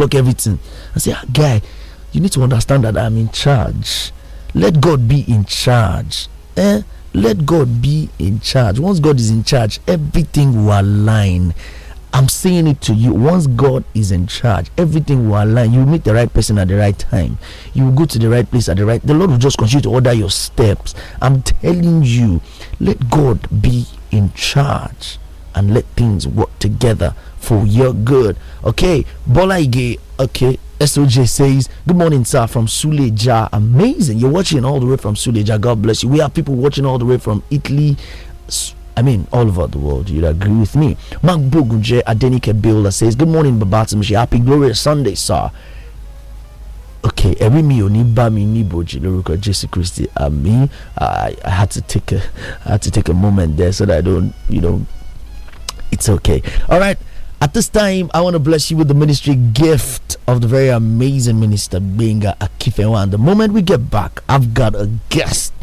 block everything and say, ah, guy, you need to understand that I'm in charge. Let God be in charge. Eh? Let God be in charge. Once God is in charge, everything will align. I'm saying it to you. Once God is in charge, everything will align. You meet the right person at the right time. You will go to the right place at the right. The Lord will just continue to order your steps. I'm telling you, let God be in charge and let things work together for your good. Okay, Bola Ige, okay, SOJ says, Good morning, sir, from Suleja. Amazing. You're watching all the way from Suleja. God bless you. We have people watching all the way from Italy. I mean, all over the world. You'd agree with me. Mark Bogunje Adenike Builder says, Good morning, Babatimishi. Happy, glorious Sunday, sir. Okay, every mi oni ba mi ni boji lórúkọ Jésù Kristi àmì I had to take a I had to take a moment there so that I don't you know it's okay all right at this time, I want to bless you with the ministry gift of the very amazing minister, Benga Akifewa. And the moment we get back, I've got a guest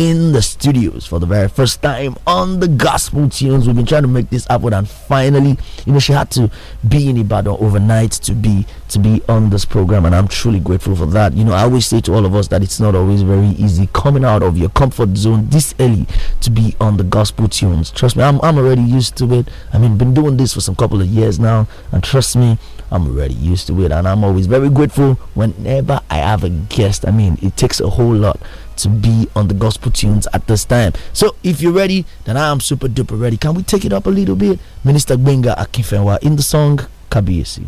in the studios for the very first time on the gospel tunes. We've been trying to make this happen, and finally, you know, she had to be in Ibadan overnight to be to be on this program, and I'm truly grateful for that. You know, I always say to all of us that it's not always very easy coming out of your comfort zone this early to be on the gospel tunes. Trust me, I'm I'm already used to it. I mean, been doing this for some couple of years now, and trust me, I'm already used to it, and I'm always very grateful whenever I have a guest. I mean, it takes a whole lot to be on the gospel tunes at this time. So if you're ready, then I am super duper ready. Can we take it up a little bit? Minister Gbenga Akinfenwa in the song Kabiyesi.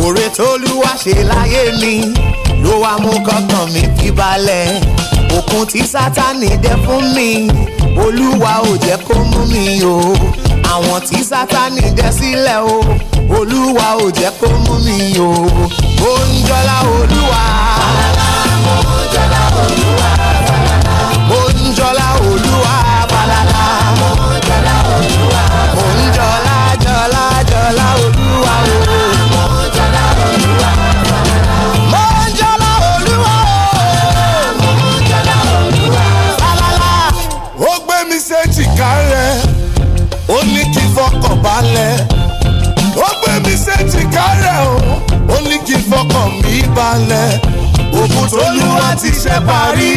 òrè tólúwa ṣe láyé mi ló wá mú kọ́kàn mi fi balẹ̀ òkun tí sátani dẹ fún mi olúwa ò jẹ́ kó mú mi o àwọn tí sátani dẹ sílẹ̀ o olúwa ò jẹ́ kó mú mi o ó ń jọlá olúwa. iṣẹ́ parí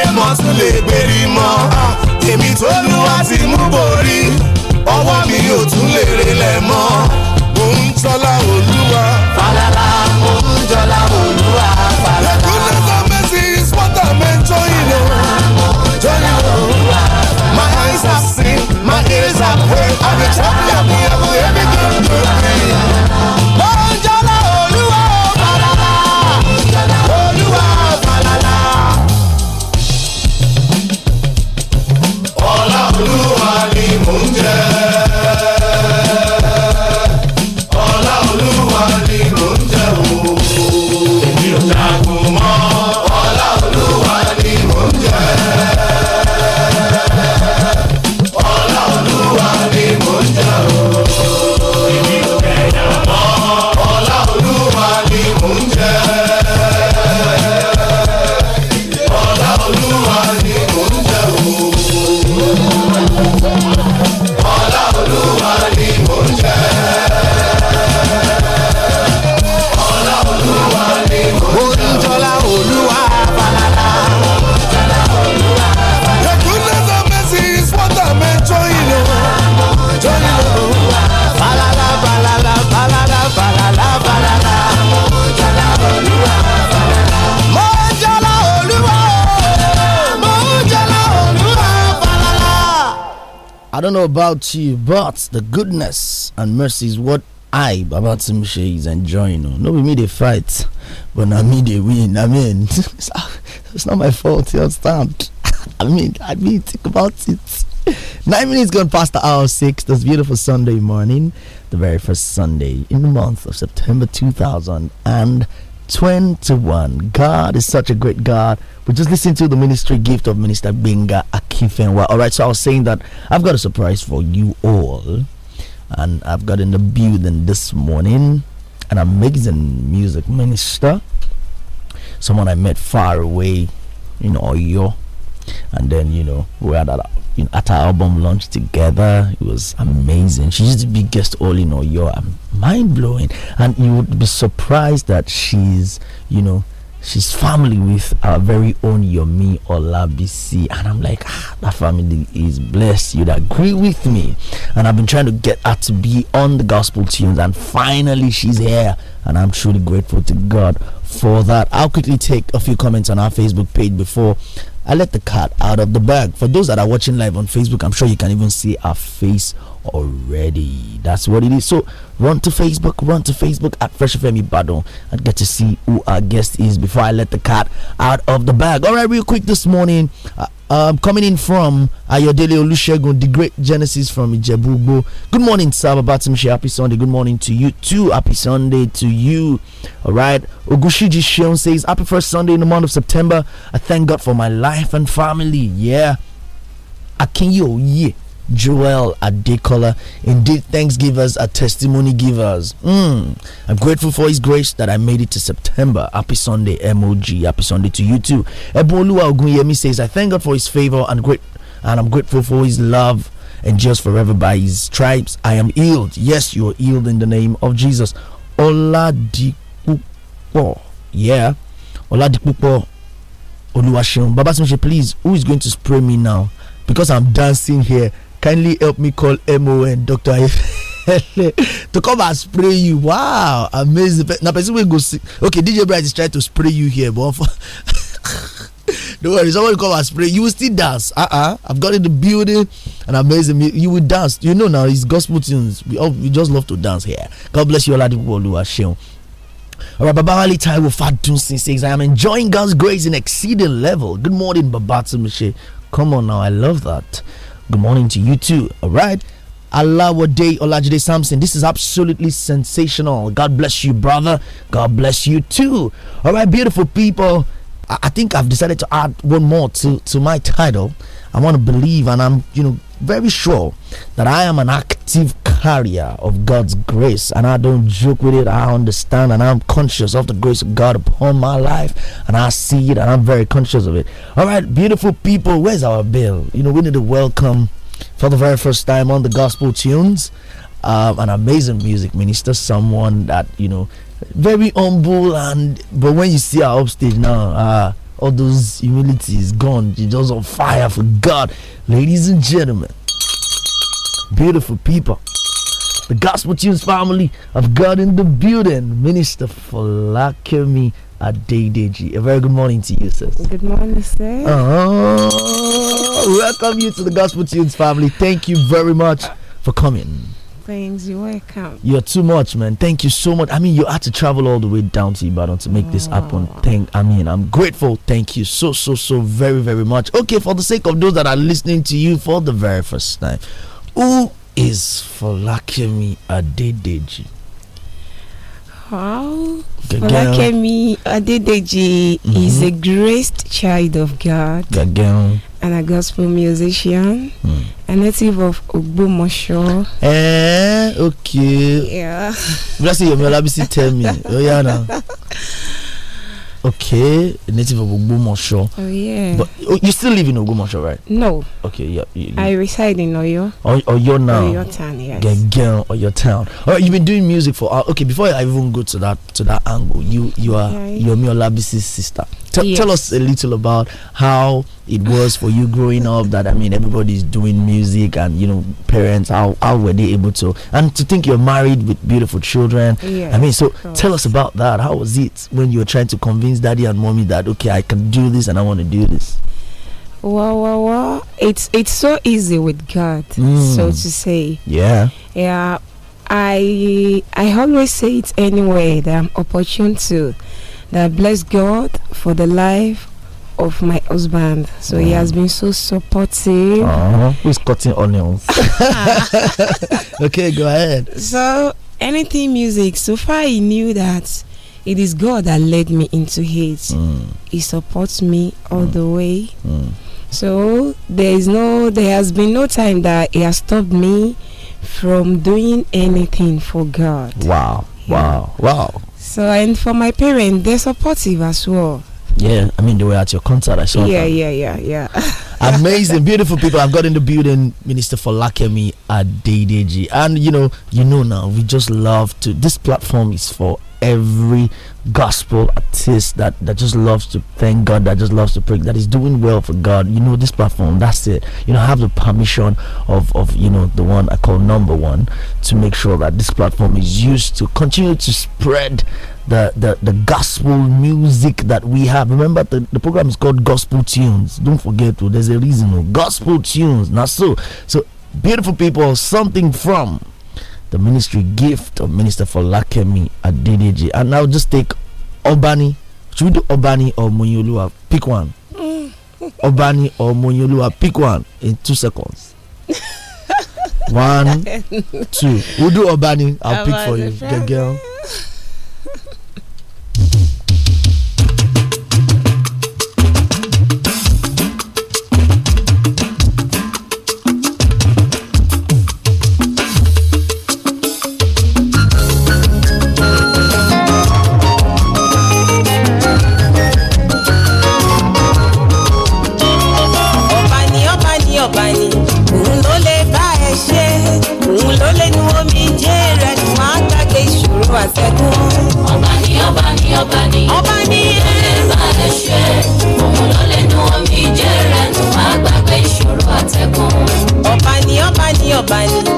èèmọ̀ tún lè gbérí mọ́ èmi tó lù wá ti mú borí ọwọ́ mi ò tún lè relẹ̀ mọ́ mò ń olúwa. I don't know about you, but the goodness and mercy is what I, Baba Timshe, is enjoying. Oh. No, we me they fight, but now me they win. I mean, it's not my fault. You understand? I mean, I mean, think about it. Nine minutes gone past the hour six. This beautiful Sunday morning, the very first Sunday in the month of September 2000 and. 21. God is such a great God. We just listened to the ministry gift of Minister Binga Akifenwa. All right, so I was saying that I've got a surprise for you all. And I've got in the building this morning an amazing music minister, someone I met far away in Oyo. And then, you know, we had that you know, at her album launch together. It was amazing. She's the biggest all in all. You're mind blowing, and you would be surprised that she's you know she's family with our very own Yomi Olabisi. And I'm like, ah, that family is blessed. You'd agree with me. And I've been trying to get her to be on the gospel tunes. And finally, she's here. And I'm truly grateful to God for that. I'll quickly take a few comments on our Facebook page before I let the cat out of the bag. For those that are watching live on Facebook, I'm sure you can even see our face already. That's what it is. So run to Facebook, run to Facebook at Fresh FM Ibadan and get to see who our guest is before I let the cat out of the bag. All right, real quick this morning, uh, um, coming in from Ayodele Olushegun, the great Genesis from Ijebubo. Good morning, Saba Batimshi. Happy Sunday. Good morning to you too. Happy Sunday to you. All right. Ogushiji Shion says, Happy first Sunday in the month of September. I thank God for my life and family. Yeah. Akinyo, yeah. Joel Adekola. Indeed, thanksgivers are testimony givers. Mm. I'm grateful for His grace that I made it to September. Happy Sunday, MOG. Happy Sunday to you too. Eboluwa Ogunyemi says, I thank God for His favor and great, and I'm grateful for His love and just forever by His stripes. I am healed. Yes, you are healed in the name of Jesus. Oladipupo. Yeah. Oladipupo Oluwaseun. Babatunde, please, who is going to spray me now? Because I'm dancing here kindly help me call MON Dr. to come and spray you. Wow, amazing. Now, person will go see. Okay, DJ Bright is trying to spray you here, but don't worry, someone will come and spray you. will still dance. Uh uh i have got in the building and amazing. You will dance. You know, now it's gospel tunes. We, all, we just love to dance here. God bless you, all the people who are sharing. Alright, Ali Taiwo Fatun says, I am enjoying God's grace in exceeding level. Good morning, Babatsu Come on now, I love that. Good morning to you too. All right. Alawade Olajide Samson. This is absolutely sensational. God bless you, brother. God bless you too. All right, beautiful people. I, I think I've decided to add one more to, to my title. I want to believe, and I'm, you know, very sure that I am an active carrier of God's grace, and I don't joke with it. I understand, and I'm conscious of the grace of God upon my life, and I see it, and I'm very conscious of it. All right, beautiful people, where's our bill? You know, we need to welcome for the very first time on the gospel tunes um, an amazing music minister, someone that you know, very humble, and but when you see her upstage now, uh, all those humility is gone. You're just on fire for God. Ladies and gentlemen, beautiful people, the Gospel Tunes family of God in the building, Minister Falakemi Adedeji. A very good morning to you, sis. Good morning, sir. Oh, welcome you to the Gospel Tunes family. Thank you very much for coming. Things you're welcome. You're too much, man. Thank you so much. I mean, you had to travel all the way down to Ibadan to make oh. this happen. Thank, I mean, I'm grateful. Thank you so, so, so very, very much. Okay, for the sake of those that are listening to you for the very first time, who is Falakemi Adedeji? How Falakemi Adedeji mm -hmm. is a mm-hmm. graced child of God. Gagel and a gospel musician, mm. a native of Ogbomosho. Eh, okay. Yeah. Bless you, Melabisi, tell me. Oh, yeah, now. Okay, native of Ogbomosho. Oh, yeah. But oh, you still live in Ogbomosho, right? No. Okay, yeah. You, you. I reside in Oyo. Oyo, oh, Oyo now. Oyo town, yes. Girl, Oyo town. All right, you've been doing music for. Uh, okay, before I even go to that to that angle, you you are yeah, yeah. you're sister. T yes. Tell us a little about how it was for you growing up. That I mean, everybody's doing music, and you know, parents how how were they able to? And to think you're married with beautiful children. Yes, I mean, so tell us about that. How was it when you were trying to convince daddy and mommy that okay, I can do this and I want to do this? Wow, wow, wow! It's it's so easy with God, mm. so to say. Yeah. Yeah. I I always say it anyway that I'm opportune to that I bless God for the life of my husband. So mm. he has mm. been so supportive. Uh, uh-huh. who's cutting onions? okay, go ahead. So anything music, so far he knew that it is God that led me into it. Mm. He supports me all mm. the way. Mm. So there is no there has been no time that he has stopped me from doing anything for God. Wow. Yeah. Wow. Wow. So and for my parents, they're supportive as well. Yeah, I mean they were at your concert. I saw. Yeah, them. yeah, yeah, yeah. Amazing, beautiful people. I've got in the building, Minister for Lakemi at DDG, and you know, you know now we just love to. This platform is for every gospel artist that that just loves to thank God, that just loves to pray, that is doing well for God. You know this platform. That's it. You know, have the permission of of you know the one I call number one to make sure that this platform is used to continue to spread the, the, the gospel music that we have. Remember, the, the program is called Gospel Tunes. Don't forget, to. Oh, there's a reason. Oh, gospel Tunes. Now, so, so beautiful people, something from the ministry gift of Minister for Lakemi at DDG. And now just take Obani. Should we do Obani or Munyulua? Pick one. Obani or Munyulua? Pick one in two seconds. one, two. We'll do Obani. I'll pick for you, the girl. ọba ni òun ló lè bá ẹ ṣe òun ló lè nu omi jẹ́ rẹ̀ nù á gbàgbé ìṣòro àtẹ̀kùn. ọba ni ọba ni ọba ni ọba ni ẹ lè bá ẹ ṣe òun ló lè nu omi jẹ́ rẹ̀ nù á gbàgbé ìṣòro àtẹ̀kùn. ọba ni ọba ni ọba ni.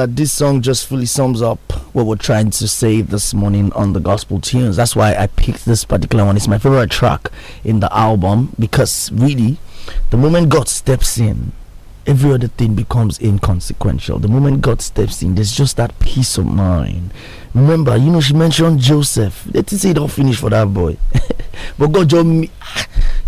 that this song just fully sums up what we're trying to say this morning on the gospel tunes. That's why I picked this particular one. It's my favorite track in the album because really, the moment God steps in, every other thing becomes inconsequential. The moment God steps in, there's just that peace of mind. Remember, you know, she mentioned Joseph. Let's say it all finished for that boy. but God me.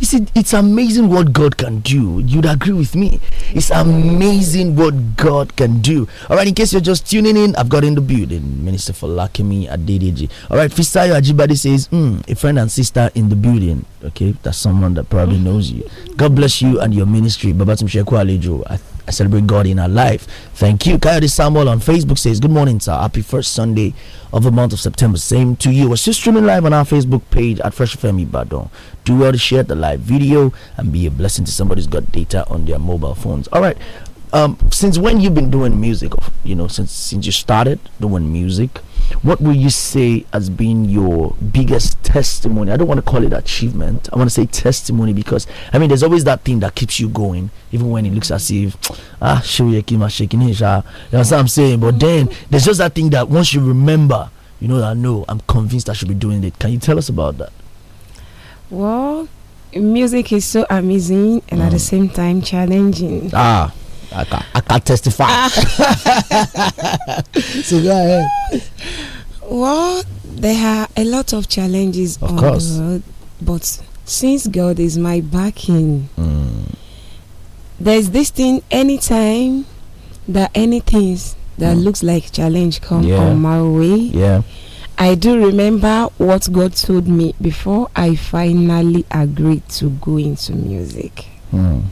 You see, it's amazing what God can do. You'd agree with me. It's amazing what God can do. All right, in case you're just tuning in, I've got in the building Minister for Lakimi at DDG. All right, Fisayo Ajibadi says, mm, a friend and sister in the building. Okay, that's someone that probably knows you. God bless you and your ministry. Babatim Sheku Alejo. I I celebrate God in our life. Thank you. Coyote Samuel on Facebook says, Good morning, sir. Happy first Sunday of the month of September. Same to you. We're still streaming live on our Facebook page at Fresh Family Badon. Do well to share the live video and be a blessing to somebody who's got data on their mobile phones. All right um, since when you've been doing music, you know, since since you started doing music, what would you say has been your biggest testimony? I don't want to call it achievement. I want to say testimony because I mean, there's always that thing that keeps you going, even when it looks as if ah, shaking, shaking, you know what I'm saying. But then there's just that thing that once you remember, you know that no, I'm convinced I should be doing it. Can you tell us about that? Well, music is so amazing and mm. at the mm. same time challenging. Ah. I can, I can testify. Ah. so go ahead. Well, there are a lot of challenges of on course. the road, but since God is my backing, mm. there's this thing anytime that anything that mm. looks like challenge come yeah. on my way. Yeah. I do remember what God told me before I finally agreed to go into music. Mm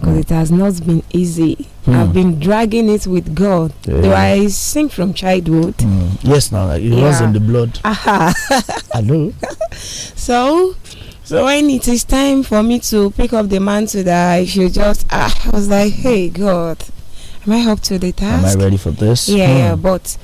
because it has not been easy. Mm. I've hmm. been dragging it with God. Yeah. I sing from childhood. Mm. Yes, now it yeah. was in the blood. Aha. I know. so, so when it is time for me to pick up the mantle that I should just, uh, I was like, hey God, am I up to the task? Am I ready for this? Yeah, mm. yeah. Hmm. But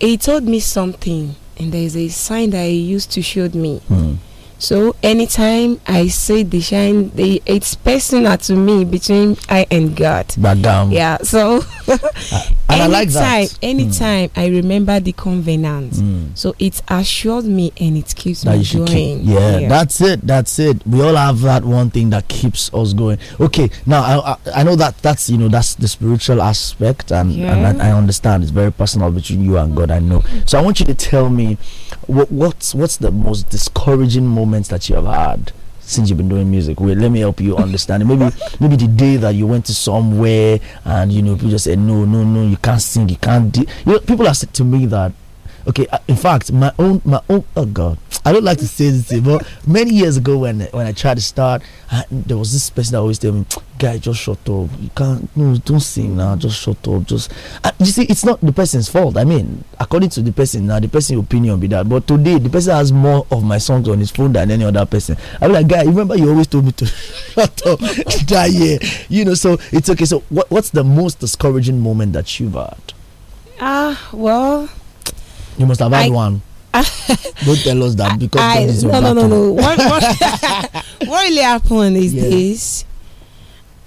He told me something, and there is a sign that He used to show me. Hmm. So anytime I see the shine, it's personal to me between I and God. But Yeah. So uh, and anytime, I like that. Anytime mm. I remember the covenant, mm. so it assures me and it keeps that me going. Keep, yeah, oh, yeah, that's it. That's it. We all have that one thing that keeps us going. Okay, now I I, I know that that's you know that's the spiritual aspect, and, yeah. and I, I, understand it's very personal between you and God. I know. So I want you to tell me what what's what's the most discouraging moments that you have had since you've been doing music. Wait, let me help you understand. maybe maybe the day that you went to somewhere and you know people just said no, no, no, you can't sing, you can't. You know, people have said to me that okay uh, in fact my own my own oh god i don't like to say this eh, but many years ago when when i tried to start I, there was this person that always tell me guy just shut up you can't no don't sing now just shut up just uh, you see it's not the person's fault i mean according to the person now the person's opinion be that but today the person has more of my songs on his phone than any other person i'm like guy remember you always told me to shut up that year you know so it's okay so what, what's the most discouraging moment that you've had ah uh, well you must have had I, one. Don't tell us that because I, that no, no, no, no, What, what, what really happened is yeah. this.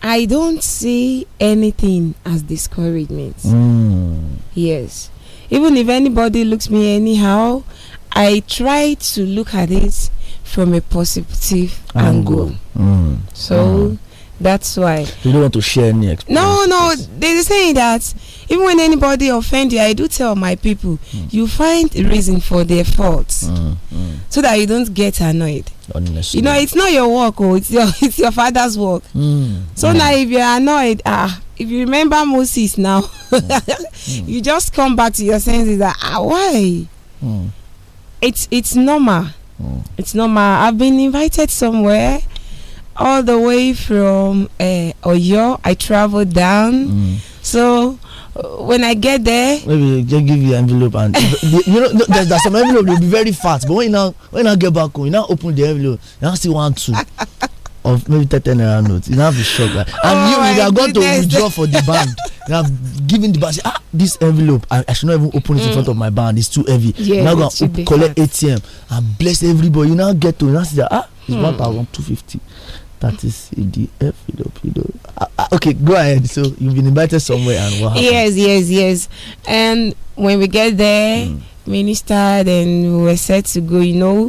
I don't see anything as discouragement. Mm. Yes. Even if anybody looks me anyhow, I try to look at it from a positive angle. angle. Mm. So mm. That's why. You don't want to share any experience. No, no. They're saying that even when anybody offend you, I do tell my people, mm. you find a reason for their faults mm, mm. so that you don't get annoyed. Honestly. You know, it's not your work, oh, it's your it's your father's work. Hmm, hmm. So now, if you're annoyed, ah, if you remember Moses now, hmm, you just come back to your senses that ah, why? It's it's normal. It's normal. I've been invited somewhere all the way from uh, Oyo. I traveled down. Mm. So uh, when I get there, maybe just give you envelope and you know there's, there's some envelope will be very fast. but when you now when I get back home, you now open the envelope, you now see one two. of maybe 10 naira notes. You now be shocked. Right? And oh you, you are going to withdraw for the band. you have given the band, say, ah, this envelope, I, I, should not even open it mm. in front of my band. It's too heavy. Yeah, now go collect ATM and bless everybody. You now get to, you now see that, ah, it's mm. 1,250. That is You know. Ah, ah, okay, go ahead. So you've been invited somewhere, and what? Happened? Yes, yes, yes. And um, when we get there, mm. minister, then we were set to go. You know,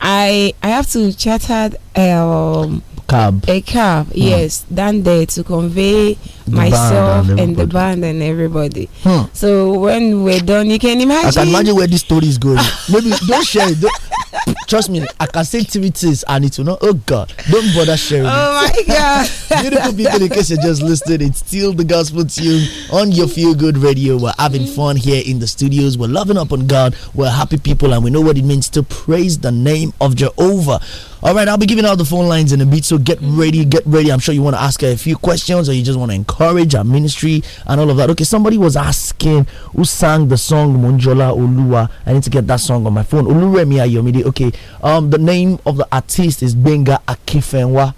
I I have to charter um, cab. A cab, hmm. yes, mm. down there to convey the myself and, and, the band and everybody. Hmm. So when we're done, you can imagine. I can imagine where this story is going. Maybe don't share it. Don't, trust me, I can say activities and it will not. Oh God, don't bother sharing. Oh my God! Beautiful people, in case you're just listening, it's still the gospel tune on your feel good radio. We're having mm. fun here in the studios. We're loving up on God. We're happy people, and we know what it means to praise the name of Jehovah. All right, I'll be giving out the phone lines in a bit, so get ready, get ready. I'm sure you want to ask a few questions, or you just want to encourage encourage and ministry and all of that. Okay, somebody was asking who sang the song Monjola Olua. I need to get that song on my phone. Oluremi Ayomide. Okay, um, the name of the artist is Benga Akifenwa.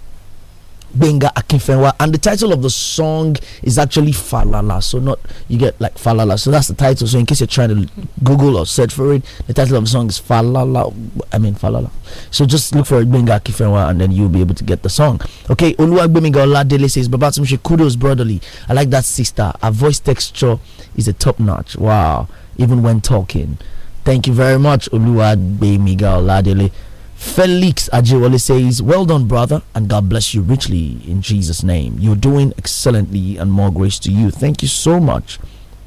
Benga Akinfenwa, and the title of the song is actually Falala. So not you get like Falala. So that's the title. So in case you're trying to Google or search for it, the title of the song is Falala. I mean Falala. So just look for Benga Akinfenwa, and then you'll be able to get the song. Okay, Oluwagbemiga Oladele says, "Babatunde, kudos brotherly. I like that sister. Her voice texture is a top notch. Wow, even when talking." Thank you very much, Oluwagbemiga Oladele. Felix Ajewale says, Well done, brother, and God bless you richly in Jesus' name. You're doing excellently, and more grace to you. Thank you so much.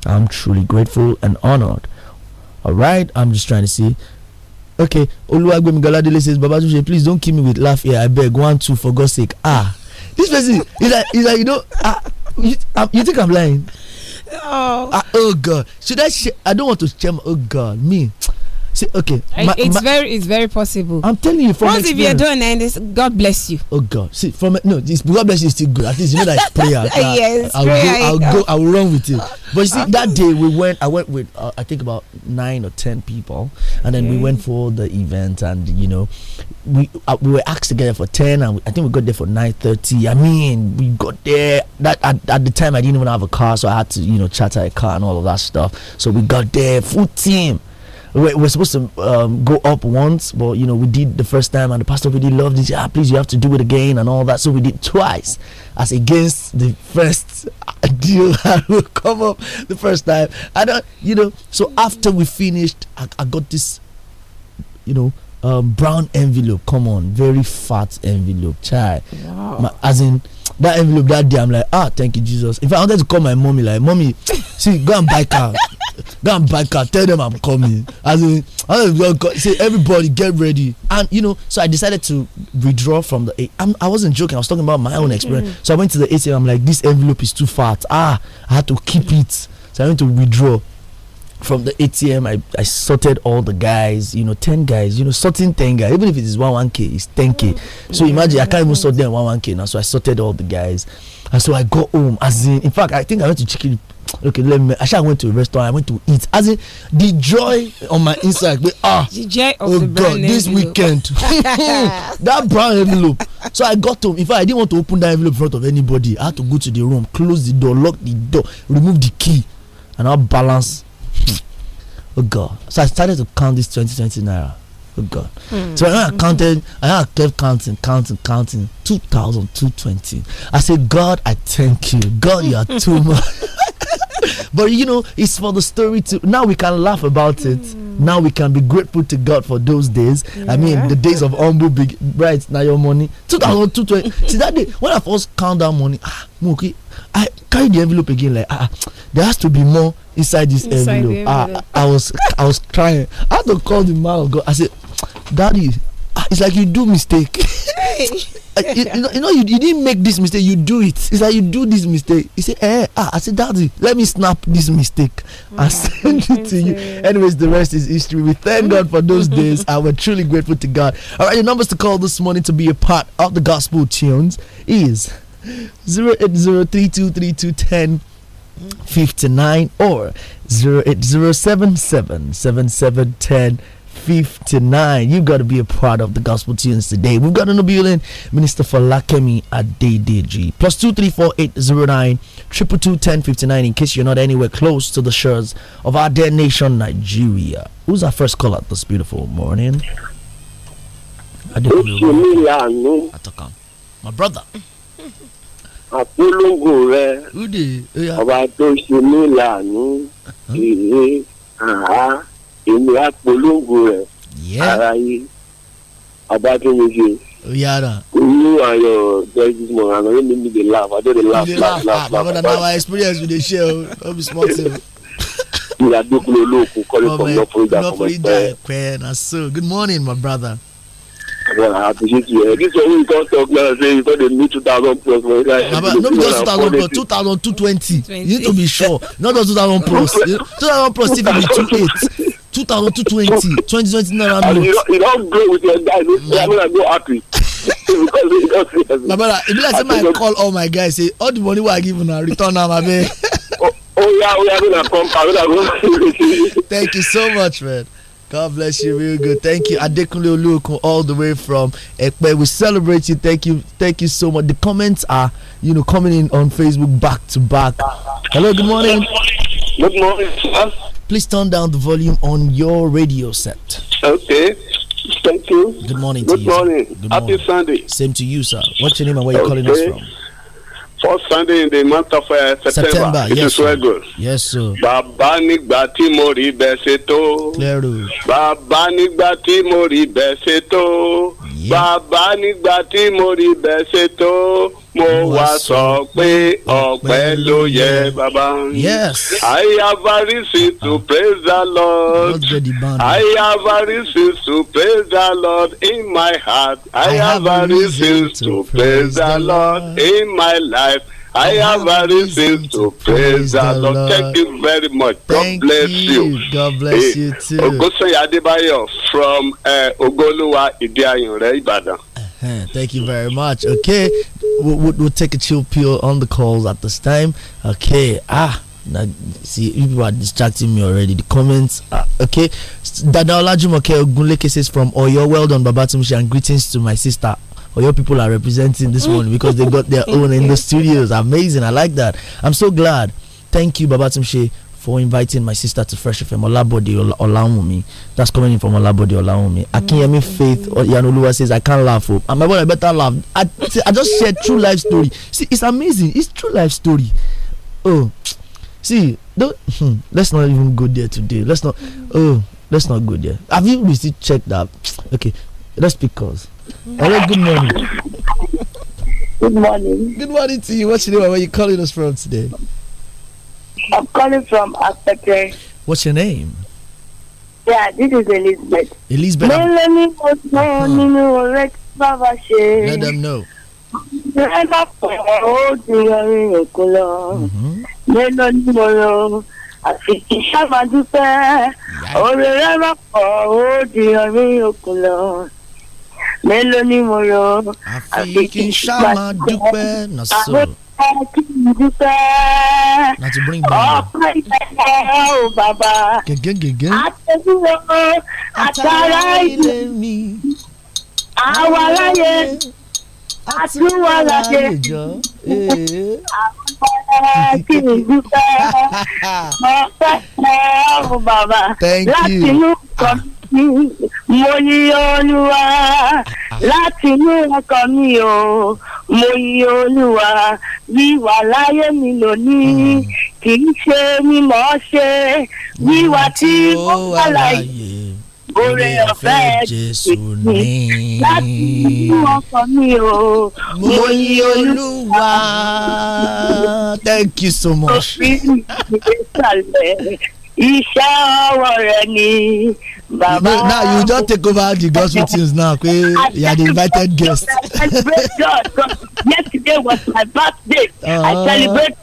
I'm truly grateful and honored. All right, I'm just trying to see. Okay, Oluwagbemi Galadele says, Babatunde, please don't kill me with laugh here. I beg, one, two, for God's sake. Ah, this person is like, is like you know, ah, you, ah, you think I'm lying? Oh, ah, oh God, should I? Share? I don't want to share. oh God, me okay. My, it's my, very, it's very possible. I'm telling you from Once if you're doing and this, God bless you. Oh God, see from no, this God bless you is still good. At least you know that it's prayer. I, yes, I'll prayer go, I'll go, I'll run with it. But you see, uh, that day we went. I went with uh, I think about nine or ten people, and then okay. we went for the event, and you know, we uh, we were asked together for ten, and we, I think we got there for nine thirty. I mean, we got there. That at, at the time I didn't even have a car, so I had to you know charter a car and all of that stuff. So we got there full team we're, we're supposed to um, go up once, but you know we did the first time, and the pastor really loved it. Ah, please, you have to do it again and all that. So we did twice, as against the first deal that will come up the first time. I don't, uh, you know. So after we finished, I, I got this, you know, um, brown envelope. Come on, very fat envelope, child. Wow. as in that envelope that day, I'm like, ah, thank you, Jesus. If I wanted to call my mommy, like, mommy, see, go and buy car go and buy car tell them i'm coming as in say everybody get ready and you know so i decided to withdraw from the eh, I'm, i wasn't joking i was talking about my own experience mm-hmm. so i went to the atm i'm like this envelope is too fat ah i had to keep it so i went to withdraw from the atm i i sorted all the guys you know 10 guys you know sorting 10 guys even if it is 1 1k it's 10k so mm-hmm. imagine i can't even sort them 1 1k now so i sorted all the guys and so i go home as in in fact i think i went to chicken okay let me actually i went to a restaurant i went to eat as in the joy on my inside ah oh god this weekend that brown envelope so i got home in fact i didn't want to open that envelope in front of anybody i had to go to the room close the door lock the door remove the key and i balance hmm. oh god so i started to count this twenty twenty naira oh god hmm. so i counted i kept counting counting counting two thousand two twenty i said god i thank you god you are too much but you know, it's for the story to now we can laugh about it. Mm. Now we can be grateful to God for those days. Yeah. I mean, the days of humble big right now your money 2020. See that day when I first count that money, ah, Mookie, I carry the envelope again. Like ah, there has to be more inside this inside envelope. envelope. Ah, I was I was crying. I had to call the man of God. I said, Daddy, it's like you do mistake you, you, know, you, know you, you, didn't make this mistake you do it it's like you do this mistake you say eh ah i said daddy let me snap this mistake wow. and send it to you anyways the rest is history we thank god for those days and we're truly grateful to god all right your numbers to call this morning to be a part of the gospel tunes is 080323210 or zero eight zero seven seven seven seven ten. 59. You've got to be a part of the gospel tunes today. We've got an building Minister for Lakemi Adedeji. Plus 234809 eight zero nine triple two ten fifty nine. in case you're not anywhere close to the shores of our dear nation, Nigeria. Who's our first caller this beautiful morning? My brother. àpolongo rẹ ọba tó ṣe mí lànà àhá èmi á polongo rẹ̀ ara yìí abákẹ́wéje. yàrá. you and your mo and you make dey laugh i dey laugh laugh laugh laugh. na our experience we dey share o no be small thing. mi adekunle olóòkú calling from lọfọlọjà kọmọ ẹgbẹ. na so good morning my brother. Baba, no be just 2000 plus, 2220. You need to be sure. Not just 2000 2000 plus if it be 28 two thousand two twenty twenty twenty naira note. you don blow with your guy no say i no go happy. babala e be like say my call all my guys say all the money wey i give una return am abeg. oya oya make na come pa make na go. thank you so much man. God bless you real good. Thank you. Adekunle Oluokun all the way from Ekpe. We celebrate you. Thank you. Thank you so much. The comments are, you know, coming in on Facebook back to back. Hello, good morning. Good morning, sir. Please turn down the volume on your radio set. Okay. Thank you. Good morning good Morning. You, good morning. Happy Sunday. Same to you, sir. What's your name and where okay. you calling us from? first sunday in the month of uh, september, september it yes, is well good. yes sir. bàbá nígbà tí mo rí bẹ́ẹ̀ ṣe tó. bàbá nígbà tí mo rí bẹ́ẹ̀ ṣe tó. bàbá nígbà tí mo rí bẹ́ẹ̀ ṣe tó. mo wá sọ pé ọpẹ́ ló yẹ bàbá. I have a reason to ah. praise the Lord. I have a reason to praise the Lord in my heart. I have a reason to praise the Lord in my life. I have a reason to praise the Lord. Lord. Thank you very much. Thank God bless you. God bless hey, eh, you too. Adebayo from uh, Ogoluwa Idiayunre, Ibadan. Thank you very much. Okay, we'll, we'll, we'll, take a chill pill on the calls at this time. Okay, ah. Now, see, people are distracting me already. The comments, ah, okay. Dada okay, Ogunleke says from Oyo, well done, Babatunde, and greetings to my sister. Oyo people are representing this one because they got their own in the studios. Amazing, I like that. I'm so glad. Thank you, Babatunde, for inviting my sister to Fresh FM, Olabode me. That's coming in from Olabode Olawumi. Akinyemi mm. Faith Yanoluwa says, I can't laugh. Oh, am my boy, I better laugh. I, I just shared true life story. See, it's amazing. It's true life story. Oh, see, don't, hmm, let's not even go there today. Let's not, oh, let's not go there. Have you received check that? Okay, let's pick calls. good morning. Good morning. Good morning to you. What's your name Where where you calling us from today? I'm calling from Akpete. What's your name? Yeah, this is Elizabeth. Elizabeth. Uh-huh. Let them know. Mm-hmm. àfìkì sàmàdúpẹ́ oore rẹ rọpò ó di ọ̀rẹ́ òkun lọ mélòó ni mo rò àfìkì sàmàdúpẹ́ nàṣọ láti bring back. ọ̀pọ̀ ìfẹ́ o bàbá. gẹ́gẹ́ gẹ́gẹ́. àtẹ̀wúrọ̀ àtàrà ilé mi. àwa láyé àtúwà láyé. kí ni dúpẹ́ ọ̀pọ̀ ìfẹ́ o bàbá. thank you. láti inú kan mo yí olúwa láti inú ọkàn mi o mo yí olúwa wíwà láyé mi lónìí mm. kì í ṣe mímọ̀ ṣe wíwà tí ó wà láyé oore ọ̀fẹ́ jésù ní láti inú ọkàn mi o mo yí olúwa thank you so much. iṣẹ́ ọwọ́ rẹ̀ ni. Baba. No, now you just take over the gospel things now. Okay? You are the invited guest. I celebrate God. Yesterday was my birthday. Uh, I ah, celebrate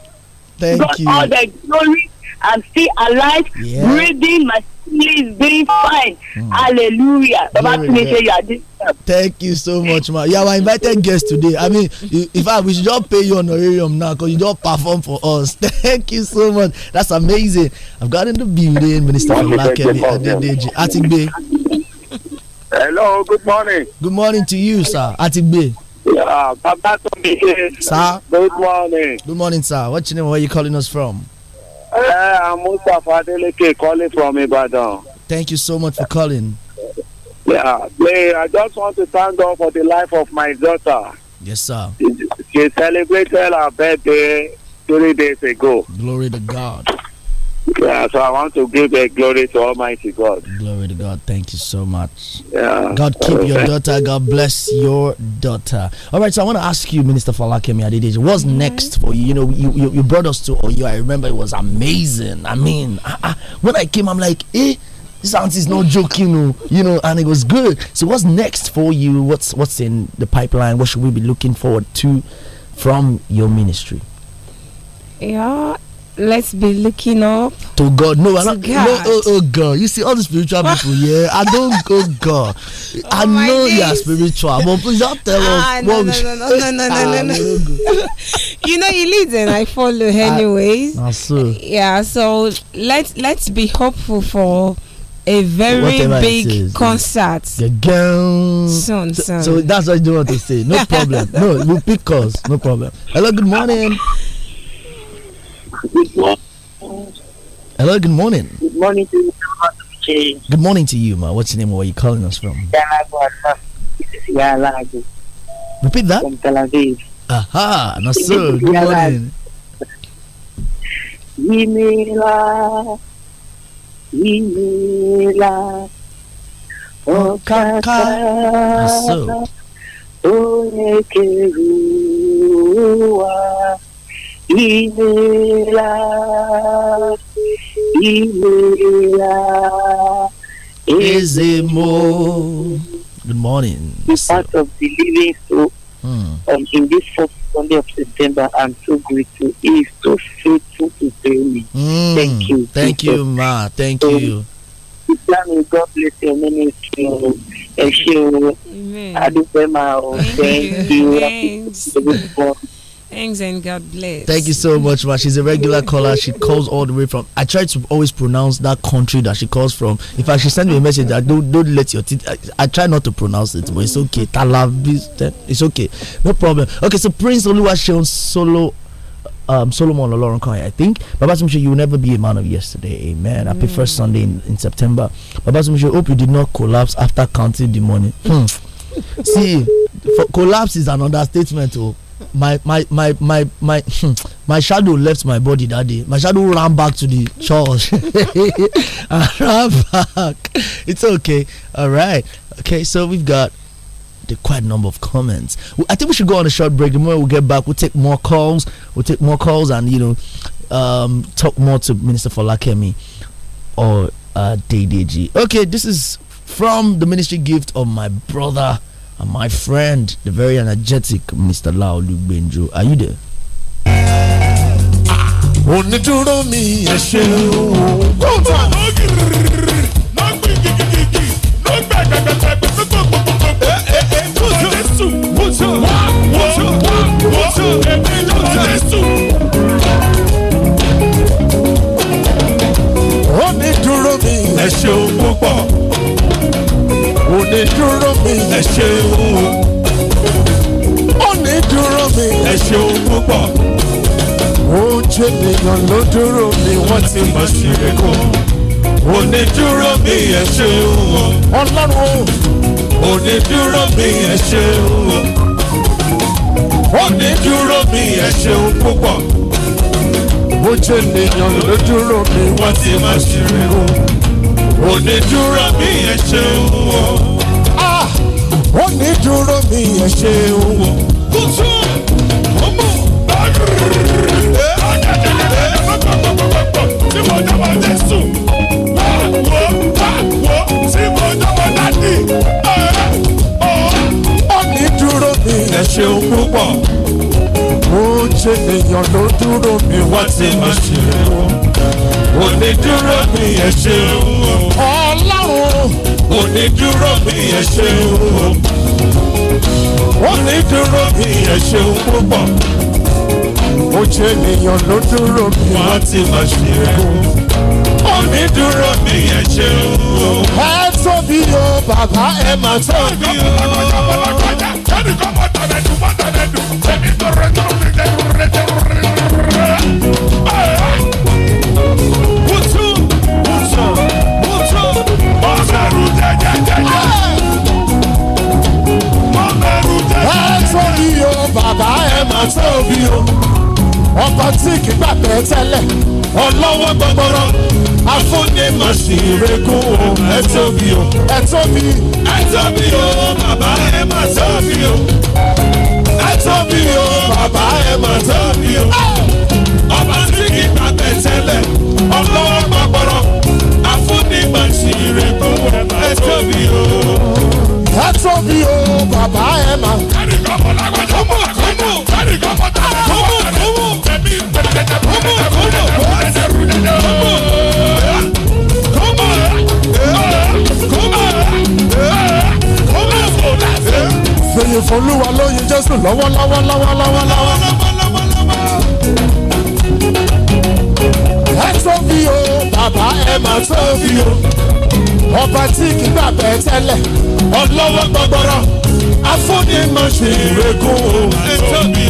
God you. all the glory. I'm still alive, yeah. breathing. My Please be fine. Mm. Hallelujah. Thank you so much, ma. You are my invited guest today. I mean, if I we should just pay you honorarium now because you just perform for us. Thank you so much. That's amazing. I've got in the building, Minister Olakemi Adedeji Atigbe. Hello, good morning. Good morning to you, sir. Atigbe. Yeah, Papa Sir. Good morning. Good morning, sir. What's your name? Where are you calling us from? Uh, I'm Mustafa Adeleke calling from Ibadan. Thank you so much for calling. Yeah, I just want to thank God for the life of my daughter. Yes, sir. She celebrated her birthday three days ago. Glory to God. Yeah, so I want to give the glory to Almighty God. Glory to God. Thank you so much. Yeah. God keep your daughter. God bless your daughter. All right, so I want to ask you, Minister Falakemi Adedeji, what's mm -hmm. next for you? You know, you, you, you brought us to Oyo. I remember it was amazing. I mean, I, I, when I came, I'm like, eh, this aunt is no joke, you oh, know, you know, and it was good. So what's next for you? What's what's in the pipeline? What should we be looking forward to from your ministry? Yeah, let's be looking up to God. No, to God. no, oh, oh God. You see all the spiritual people here. I don't go oh, God. Oh I know you are spiritual, but please don't tell ah, us. No, no, no, no, no, no, no, no, ah, you know, he leads and I follow anyways. I, ah, so. Yeah, so let's let's be hopeful for a very Whatever big concert. The girl. Soon, so, soon. so that's what you want to say. No problem. no, you pick us. No problem. Hello, good morning. Hello, good morning. Good morning to you, Good morning to you, Ma. What's your name? Where are you calling us from? Repeat that. From Tel Aviv. Aha, not so. Good morning. Imela, Imela, Okaka, oh, oh, Oyekeruwa. Oh, Il est là, Good morning. The part of the living So mm. um, in this first Sunday of September, I'm so grateful. He is so faithful to tell me. Mm. Thank you. Thank you, Ma. Thank so, you. Islam, God bless your ministry. Ẹ ṣe o, thank you. Thank you. Thanks and God bless. Thank you so much, ma. She's a regular caller. She calls all the way from. I try to always pronounce that country that she calls from. In fact, she sent me a message that don't don't let your teeth. I, I try not to pronounce it, but it's okay. it's okay, no problem. Okay, so Prince Oluwaseun Solo um, Solomon Oloron Kanye, I think. Babatunde, you will never be a man of yesterday. Amen. Happy mm. first Sunday in, in September. Babatunde, hope you did not collapse after counting the money. Hmm. See, collapse is an understatement. Oh my my my my my hmm, my shadow left my body that day my shadow ran back to the church I ran back it's okay all right okay so we've got the quite number of comments I think we should go on a short break the moment we get back we'll take more calls we'll take more calls and you know um, talk more to Minister for Falakemi or uh, DDG okay this is from the ministry gift of my brother and uh, my friend, the very energetic Mr. Lao Lugbenjo. Are you there? onídúró mi ẹ ṣe o. onídúró mi ẹ ṣe o púpọ̀. Oni duro mi ẹ ṣeun duro mi ẹ ṣeun púpọ̀ oúnjẹ nìyàn ló dúró mi wọ́n ti mọ̀ sí ikú onídúró mi ẹ ṣeun ọlọ́run duro mi ẹ ṣeun duro mi ẹ ṣeun púpọ̀ oúnjẹ nìyàn ló dúró mi wọ́n ti mọ̀ sí ikú. onídúró mi ẹ ṣeun o. onídúró mi ẹ ṣeun o. kùtù ọmọ tí mo dáwọ́ jésù láwo láwo tí mo dáwọ́ dádì. onídúró mi ẹ ṣeun púpọ̀. ó ṣe èèyàn ló dúró mi wá tí mo ṣe. ní dúró bí ẹ ṣeun wọ́n ní dúró bí ẹ ṣeun púpọ̀ ó ṣe ènìyàn ló dúró bí wọ́n á ti máa ṣe é wọ́n ní dúró bí ẹ ṣeun. ẹ tóbi o se lo duro bi won a ti se ni duro bi e seun e o. baba e o rántí òbí o ọkọ̀ tí kì í gbàgbẹ́ tẹ́lẹ̀ ọlọ́wọ́ gbọgbọrọ afúnimọ̀síregún o ẹ tóbi o ẹ tóbi ẹ tóbi o bàbá ẹ mà tóbi o ẹ tóbi o bàbá ẹ mà tóbi o ọba tí kì í gbàgbẹ́ tẹ́lẹ̀ ọlọ́wọ́ gbọgbọrọ afúnimọ̀síregún o ẹ tóbi o ẹ tóbi o bàbá ẹ mà. ẹnì kan mọ̀ lágbàjọ́ mọ̀ fèyí fọlúwa lóyin jésù lọ́wọ́ lọ́wọ́ lọ́wọ́ lọ́wọ́ lọ́wọ́. ẹ tó fi o bàbá ẹ mà tó fi o ọba tí kì í bàbá ẹ tẹ́lẹ̀ ọlọ́wọ́ gbọgbọrọ afúnni máa ṣe ìrẹ́kùn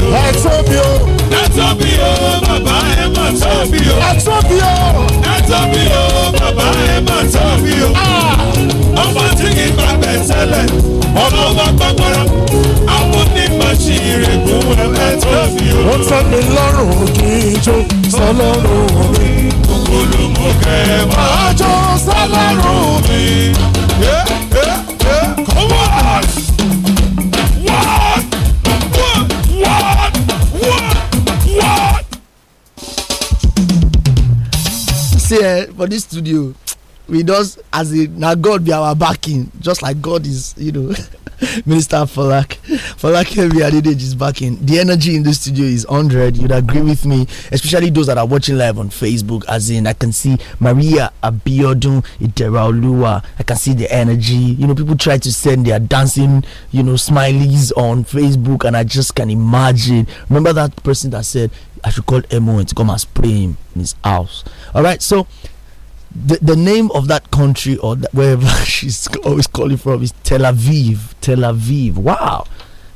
o ẹ tó o. Ẹ̀tọ́bi o, bàbá ẹ̀ mà tóbi o. Ẹ̀tọ́bi o. Ẹ̀tọ́bi o, bàbá ẹ̀ mà tóbi o. Ah. Ọmọ tí kì í bá bẹ̀ tẹ́lẹ̀, ọmọ wa gbàgbọ́ra. Àwọn onímọ̀ọ́sì rẹ̀ kún ẹ̀tọ́bi o. Ó tẹ́ mi lọ́rùn kí n jó sọlọ́run mi. Olùmọ̀kẹ́ máa jó sọlọ́run mi. Yeah. Eh, for this studio we just as a now god be our backing just like god is you know minister falak falak heavy adedej is backing the energy in this studio is 100 you'd agree with me especially those that are watching live on facebook as in i can see maria abiodun Iteraoluwa. i can see the energy you know people try to send their dancing you know smileys on facebook and i just can imagine remember that person that said i should call emo and to come and spray him in his house all right, so the, the name of that country or that, wherever she's always calling from is Tel Aviv. Tel Aviv. Wow.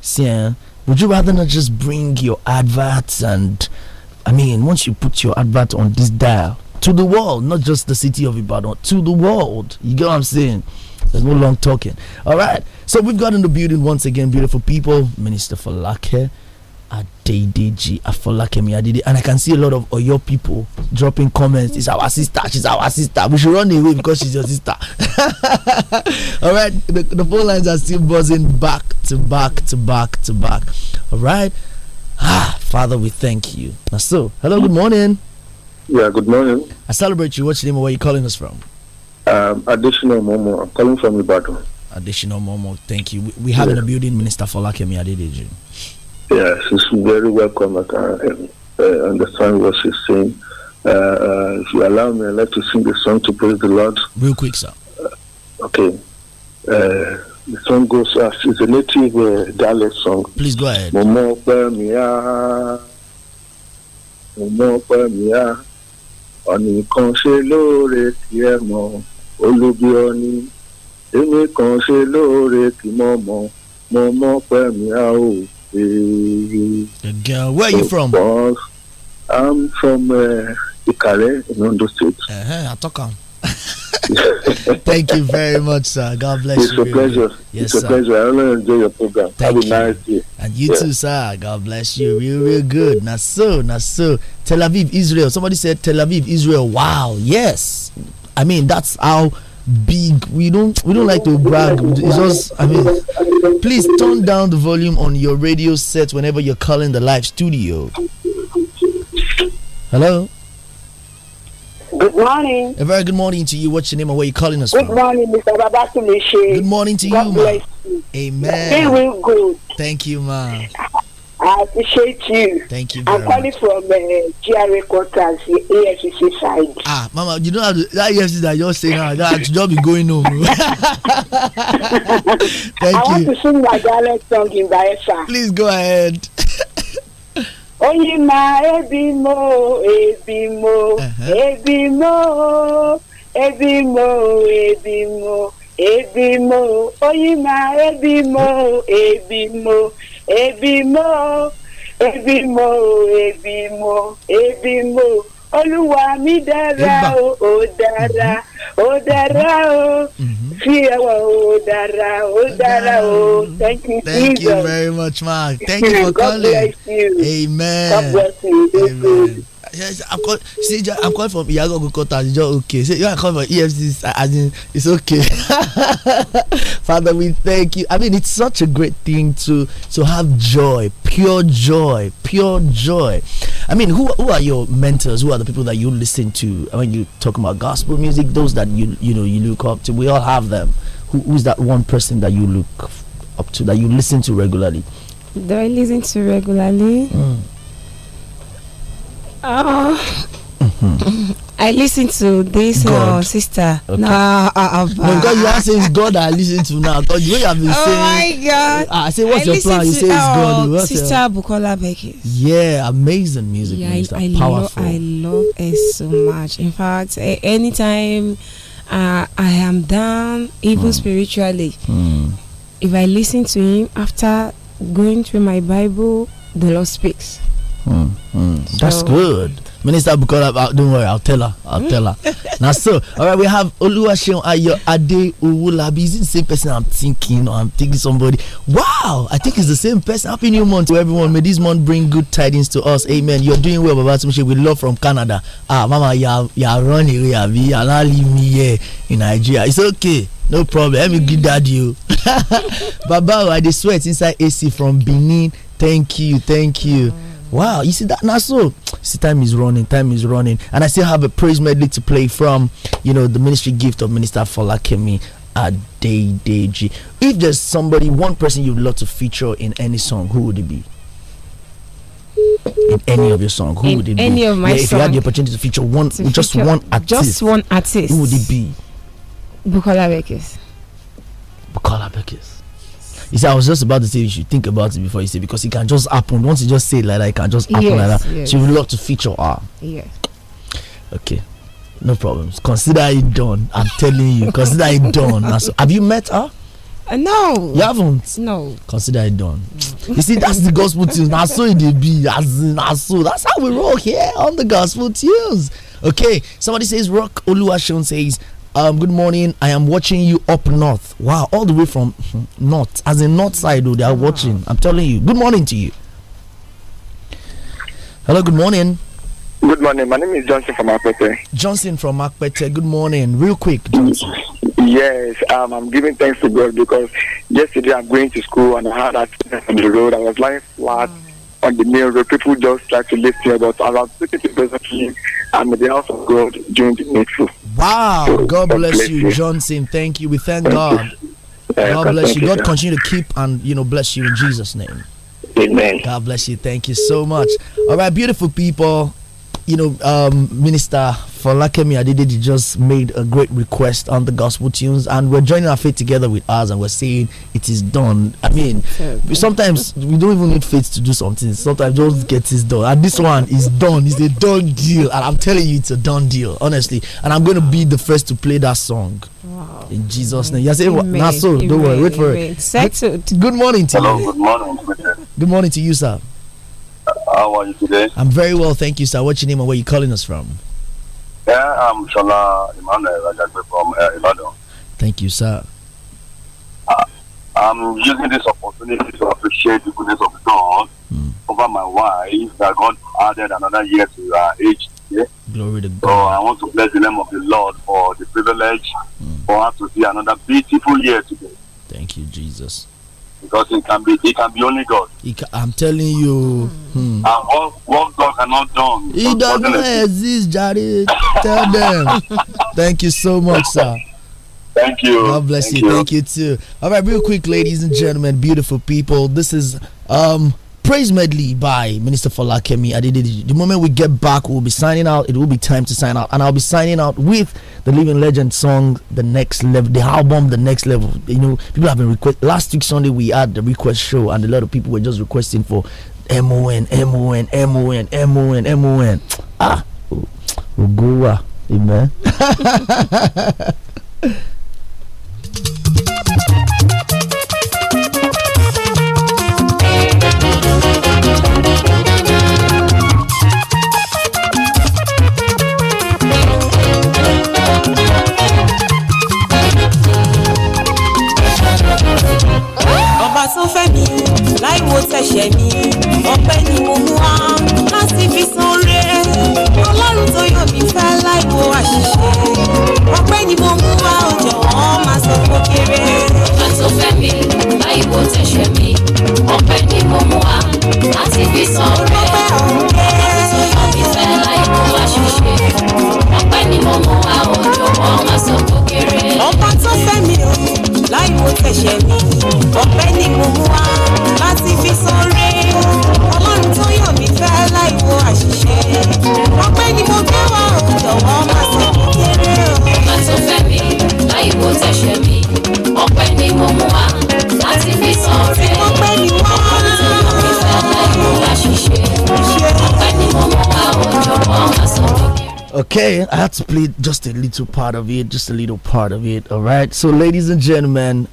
Sian, eh, would you rather not just bring your adverts and, I mean, once you put your advert on this dial to the world, not just the city of Ibadan, to the world. You get what I'm saying? There's no long talking. All right. So we've got in the building once again, beautiful people. Minister Falake. JDG Afolakemi Adidi. And I can see a lot of Oyo people dropping comments. It's our sister. She's our sister. We should run away because she's your sister. All right. The, the phone lines are still buzzing back to back to back to back. All right. Ah, Father, we thank you. So, hello, good morning. Yeah, good morning. I celebrate you. What's your name? Where are you calling us from? Um, additional Momo. I'm calling from Ibadan. Additional Momo. Thank you. We, we have yeah. in the building Minister Folakemi Adedeji. Yes, it's very welcome. I can uh, understand what she's saying. Uh, uh, if you allow me, I'd like to sing a song to praise the Lord. Real quick, sir. Uh, okay. Uh, the song goes as it's a native dialect song. Please go ahead. Momo Pemia. Momo Pemia. Oni kan se lore ti e mo. Olubi oni. Emi kan se lore ti mo mo. Momo Pemia o girl, where are you from? I'm from uh, Ikare in Ondo State. Uh-huh, Atoka. Thank you very much, sir. God bless it's you. It's a pleasure. Yes, it's sir. a pleasure. I really enjoy your program. Thank Have you. nice day. And you yeah. too, sir. God bless you. Real, real good. Now so, Tel Aviv, Israel. Somebody said Tel Aviv, Israel. Wow. Yes. I mean, that's how big. We don't we don't like to brag. It's just I mean, please turn down the volume on your radio set whenever you're calling the live studio. Hello. Good morning. A very good morning to you. What's your name and where you calling us good from? Good morning, Mr. Babatunde. Good morning to God you, ma. You. Amen. Here we Thank you, ma. I appreciate you. Thank you. I'm calling much. from uh, GRA quarters, the AFCC side. Ah, Mama, you know to, that AFCC that you're saying now, that job is going home. Thank I you. want to sing my dialect song in Baesa. Please go ahead. Only my ebimo, ebimo, uh-huh. ebimo, ebimo, ebimo, ebimo. Only my ebimo, ebimo ebi mo ebi mo ebi mo ebi mo olúwa mi dára o ó dára ó mm-hmm. dára o mm-hmm. fi ẹwà ó dára ó dára o thank you thank Jesus. you very much Mark. thank you for calling amen God bless you amen yes, I'm calling. See, I'm calling from Iyago Kota. It's just okay. See, you are calling from EFC. I mean, uh, it's okay. Father, we thank you. I mean, it's such a great thing to to have joy, pure joy, pure joy. I mean, who who are your mentors? Who are the people that you listen to when you talk about gospel music? Those that you you know you look up to. We all have them. who's that one person that you look up to that you listen to regularly? Do I listen to regularly. Mm. Uh, I listen to this uh, sister. Okay. Nah, uh, uh, uh no, because you are saying God I listen to now. Because you have been oh saying. Oh my God! I ah, say what's I your plan? You say it's oh, God. What's sister your... Bukola Beckis. Yeah, amazing music. Yeah, I, I powerful. Love, I love it so much. In fact, anytime uh, I am down, even mm. spiritually, mm. if I listen to him after going through my Bible, the Lord speaks. That's good. Minister Bukola, uh, don't worry, I'll tell her. I'll tell her. now, so, all right, we have Oluwaseun Ayo Ade Uwulabi. Is it the same person I'm thinking or I'm thinking somebody? Wow, I think it's the same person. Happy New Month to everyone. May this month bring good tidings to us. Amen. You're doing well, Baba Tumshe. We love from Canada. Ah, Mama, you're, you're running away. You're not leaving me here in Nigeria. It's okay. No problem. Let me give that you. Baba, oh, I sweat inside AC from Benin. Thank you. Thank you. Wow, you see that now so see time is running, time is running. And I still have a praise medley to play from, you know, the ministry gift of Minister day, Adedeji. If there's somebody, one person you'd love to feature in any song, who would it be? in any of your song, who in would it any be? Any of my yeah, If you had the opportunity to feature one, to just feature one artist, just one artist, who would it be? Bukola Bekis. Bukola Bekis. He said, I was just about to say you should think about it before you say because it can just happen. Once you just say it like that, it can just happen yes, like that. Yes. She would love to feature her. Yeah. Okay. No problems. Consider it done. I'm telling you. Consider it done. Have you met her? Uh, no. You haven't? No. Consider it done. No. Mm. You see, that's the gospel tunes. Now so it be as That's how we roll here on the gospel tunes. Okay. Somebody says Rock Oluwashon says um, good morning. I am watching you up north. Wow, all the way from hmm, north, as in north side, though, they are ah. watching. I'm telling you. Good morning to you. Hello, good morning. Good morning. My name is Johnson from Akpete. Johnson from Akpete. Good morning. Real quick, Johnson. Yes, um, I'm giving thanks to God because yesterday I'm going to school and I had accident on the road. I was lying flat mm. on the main road. People just tried to lift me, but I was taken to presently. and am the house of God during the needful. Wow. God bless you, Johnson. Thank you. We thank God. God bless you. God continue to keep and you know bless you in Jesus' name. Amen. God bless you. Thank you so much. All right, beautiful people you know, um, Minister Falakemi Adedidi just made a great request on the gospel tunes, and we're joining our faith together with ours, and we're saying it is done. I mean, okay. sometimes we don't even need faith to do something. Sometimes just get it done, and this one is done. It's a done deal, and I'm telling you, it's a done deal, honestly. And I'm going to be the first to play that song. Wow. In Jesus' name, yes, saying what? so don't worry. Wait for it. Good morning to Hello, you. Good morning. Good morning to you, sir. How are you today? I'm very well, thank you, sir. What's your name and where you calling us from? Yeah, I'm Shola Emmanuel Ajagbe from uh, Ibadan. Thank you, sir. Uh, I'm using this opportunity to appreciate the goodness of God mm. over my wife that God added another year to her age. Glory to God. So I want to bless the name of the Lord for the privilege mm. for her to see another beautiful year today. Thank you, Jesus because it can be it can be only God. I'm telling you. Hmm. And what, what God cannot do. He doesn't exist, Jari. Tell them. Thank you so much, sir. Thank you. God bless Thank you. you. Thank you too. All right, real quick, ladies and gentlemen, beautiful people. This is um praise medley by Minister for Lakemi. The moment we get back, we'll be signing out. It will be time to sign out, and I'll be signing out with the Living Legend song, the next level, the album, the next level. You know, people have been request. Last week Sunday we had the request show, and a lot of people were just requesting for M O N M O N M O N M O N M O N. Ah, Uguwa, amen. tó fẹ́ mi láì wo tẹ̀sẹ̀ mi ọpẹ́ ni mo mú wá láti fi san re ọlọ́run tó yàn mí fẹ́ láì wo àṣìṣe ọpẹ́ ni mo mú wá o jọ̀wọ́ máa sọ kó kéré. ọpẹ́ tó fẹ́ mi láì wo tẹ̀sẹ̀ mi ọpẹ́ ni mo mú wá láti fi san re. ọpẹ́ ọ̀hún kéré. Okay, I had to play just a little part of it, just a little part of it. All right. So, ladies and gentlemen,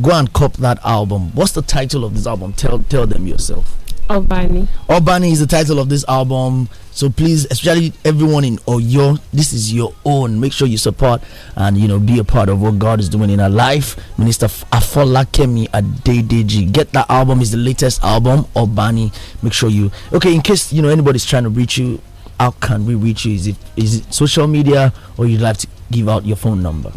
go and cop that album. What's the title of this album? Tell tell them yourself. Obani. Obani is the title of this album. So please, especially everyone in Oyo, this is your own. Make sure you support and you know be a part of what God is doing in our life. Minister Afola Kemi Adedeji, get that album. is the latest album, Obani. Make sure you okay. In case you know anybody's trying to reach you, how can we reach you? Is it is it social media or you'd like to give out your phone number?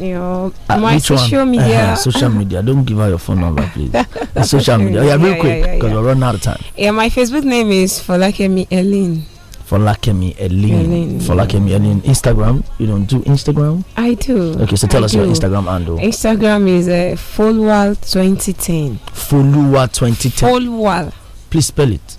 Your uh, my social one? media. Uh -huh, social media. Don't give out your phone number, please. social media. Oh, yeah, real yeah, quick because yeah, yeah. we're running out of time. Yeah, my Facebook name is Folakemi Elin. Folakemi Elin. Folakemi Elin. Instagram. You don't do Instagram? I do. Okay, so tell I us do. your Instagram handle. Instagram is uh, Folwal2010. Folwal2010. Folwal. Please spell it.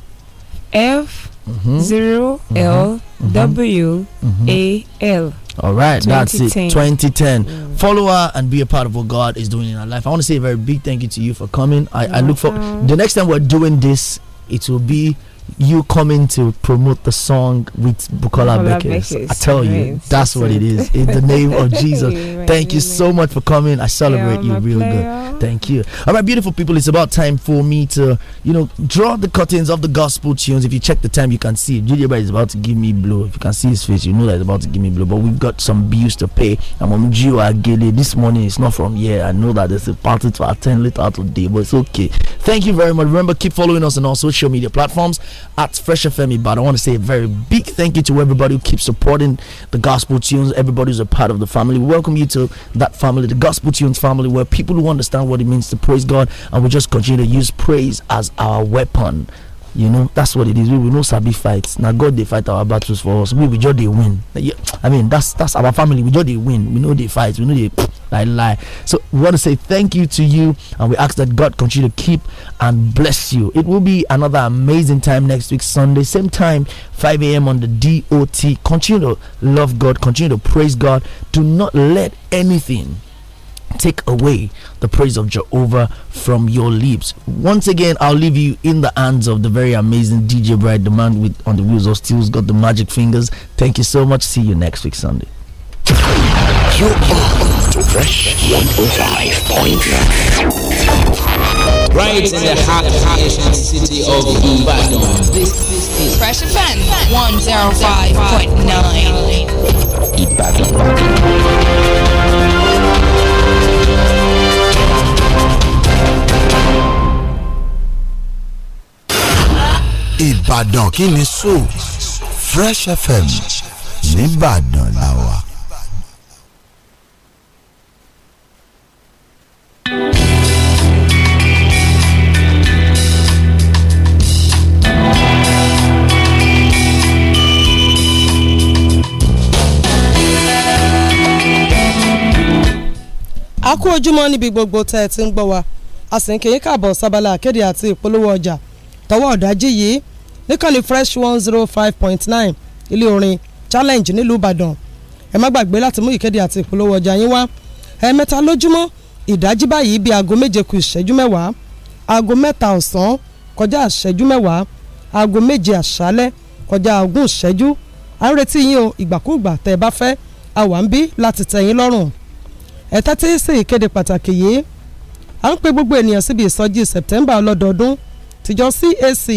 F zero L W A L. Mm-hmm. Mm-hmm. All right, that's it. 2010. Mm. Follow her and be a part of what God is doing in our life. I want to say a very big thank you to you for coming. I, I look for the next time we're doing this, it will be you coming to promote the song with Bukola, Bukola Beckers. I tell you, that's what it is. In the name of Jesus. Thank you so much for coming. I celebrate you really good. Thank you. All right, beautiful people, it's about time for me to, you know, draw the curtains of the gospel tunes. If you check the time, you can see Julia is about to give me blow. If you can see his face, you know that he's about to give me blow. But we've got some bills to pay. I'm on Gio Agele. This morning it's not from here. I know that there's a party to attend later today, but it's okay. Thank you very much. Remember, keep following us on our social media platforms at Fresh FM But I want to say a very big thank you to everybody who keeps supporting the Gospel Tunes, everybody who's a part of the family. We welcome you to that family, the Gospel Tunes family, where people who understand what it means to praise God and we just continue to use praise as our weapon you know that's what it is we will no sabi fight na god dey fight our battles for us we we just dey win i mean that's that's our family we just dey win we no dey fight we no dey lie lie so we want to say thank you to you and we ask that god continue to keep and bless you it will be another amazing time next week sunday same time 5 a.m on the dot continue to love god continue to praise god do not let anything take away the praise of Jehovah from your lips. Once again, I'll leave you in the hands of the very amazing DJ Bright the man with on the wheels of steel's got the magic fingers. Thank you so much. See you next week Sunday. You are Fresh 105.9. Right in the heart of the city of Ibadan. This is Fresh Offense 105.9. Ibadan. Ìbàdàn kí ni so Fresh FM nìbàdàn la wà. a kú ojúmọ́ níbi gbogbo tẹ́ ẹ ti ń gbọ́ wa a sì ń kí káàbọ̀ sábàlá akéde àti ìpolówó ọjà tọwọ́ ọ̀dájú yìí níkànnì fresh one zero five point nine ilé orin challenge nílùú ìbàdàn ẹ má gbàgbé láti mú ìkéde àti ìpolówó ọjà yín wá ẹ̀ẹ̀mẹ́ta lójúmọ́ ìdájí báyìí bíi aago méje kù ìṣẹ́jú mẹ́wàá aago mẹ́ta ọ̀sán kọjá ìṣẹ́jú mẹ́wàá aago méje àṣálẹ́ kọjá ogún ìṣẹ́jú à ń retí yín o ìgbàkúùgbà tẹ́ ẹ bá fẹ́ a wà ń bí láti tẹ́ yín lọ́rùn ẹ tẹ́tí sí ìkéde pàtàkì yìí à ń pe gbogbo ènìyàn síbi ìsọjí September ọlọ́dọọdún tìjọ CAC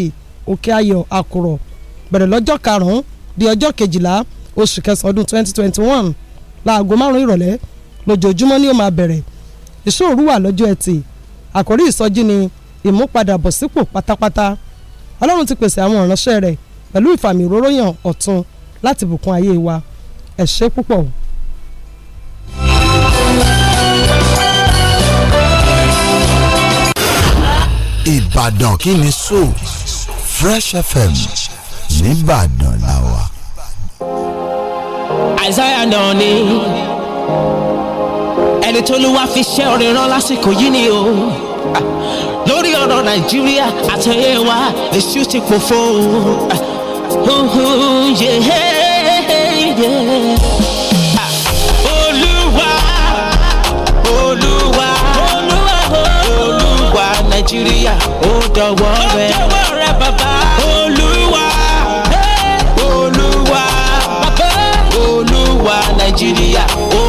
òkè ayọ̀ àkùrọ̀ bẹ̀rẹ̀ lọ́jọ́ karùn-ún di ọjọ́ kejìlá oṣù kẹsàn-án ọdún 2021 láago márùn-ún ìrọ̀lẹ́ lójoojúmọ́ ni ó máa bẹ̀rẹ̀ ìṣòro wà lọ́jọ́ ẹtì àkórí ìsọjí ni ìmúpadàbọ̀sípò pátápátá ọlọ́run ti pèsè àwọn ìránṣẹ́ rẹ̀ pẹ̀lú ìfàmì òróró yàn ọ̀tun láti bùkún ayé wa ẹ ṣé púpọ̀. Ìbàdàn kí ni so Fresh FM nìbàdàn la wà. Àìsáyà náà ni ẹni tó ló wá fi ṣẹ́ orin rán lásìkò yìí ni o lórí ọ̀rọ̀ Nàìjíríà àtẹ̀yẹ wa èṣù ti pòfo. Yeah, yeah. nàìjíríà ó dọwọ́ rẹ. ó dọwọ́ rẹ bàbá. olúwa olúwa bàbá olúwa nàìjíríà ó